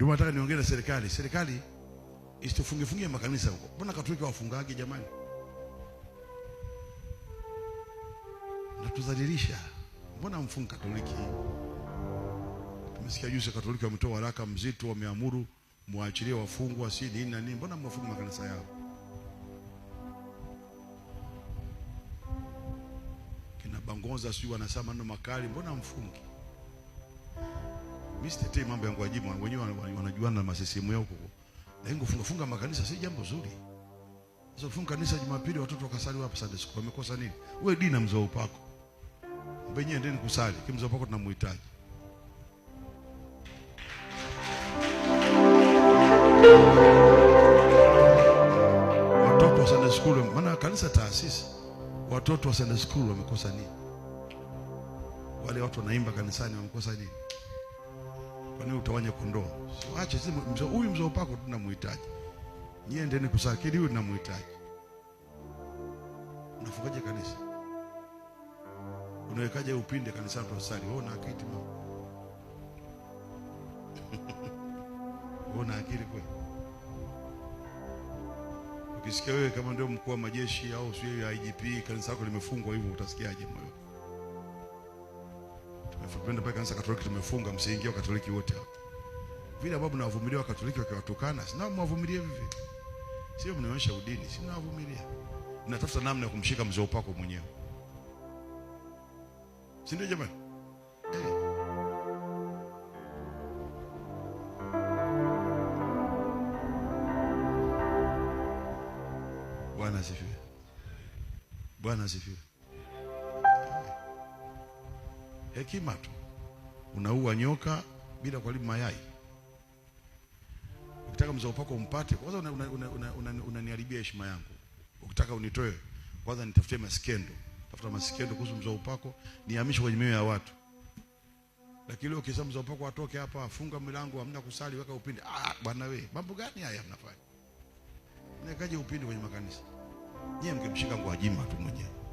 Ndio nataka niongee na serikali. Serikali isitufunge makanisa huko. Mbona Katoliki wafungaje jamani? Natuzalilisha. Mbona mfunge Katoliki? Tumesikia juzi Katoliki wametoa waraka mzito, wameamuru muachilie wafungwa si nini na nini. Mbona mwafunga makanisa yao? Kina Bangoza sijui wanasema maneno makali, mbona mfungi mimi sitetei mambo ya kuwajibu, wenyewe wanajuana na masisimu yao huko. Lakini kufunga funga makanisa si jambo zuri. Sasa kufunga kanisa Jumapili watoto wakasali hapa Sunday school. Wamekosa nini? Wewe dina mzao upako. Mbenye endeni kusali. Kimzao upako tunamhitaji. Watoto wa Sunday school, maana kanisa taasisi. Watoto wa Sunday school wamekosa nini? Wale watu wanaimba kanisani wamekosa nini? Kwa nini utawanya kondoo? Waache sisi huyu mzao pako tunamhitaji. Nyie endeni kusakili huyu tunamhitaji. Unafukaje kanisa? Unawekaje upinde kanisani tunasali? Wewe una akili mama. Wewe una akili kweli? Ukisikia wewe kama ndio mkuu wa majeshi au sio ya IGP kanisa lako limefungwa hivyo utasikiaje moyo? tunapenda pale kanisa Katoliki tumefunga msingi wa Katoliki wote hapo. Vile ambavyo mnawavumilia Katoliki wakiwatukana, si nao mwavumilie vipi? Sio mnaonyesha udini, sina mnawavumilia. Mnatafuta namna ya kumshika mzee upako mwenyewe. Si ndio jamani? Bwana asifiwe. Bwana asifiwe hekima tu. Unaua nyoka bila kuharibu mayai. Ukitaka mzao wako umpate, kwanza unaniharibia una, una, una, una heshima yangu. Ukitaka unitoe, kwanza nitafutie maskendo, tafuta maskendo kuhusu mzao wako, nihamishe kwenye mioyo ya watu. Lakini leo ukisema mzao wako atoke hapa, funga milango, hamna kusali, weka upinde. Ah, bwana wewe, mambo gani haya mnafanya? Nikaje upinde kwenye makanisa? Nyie mkimshika Gwajima tu mwenyewe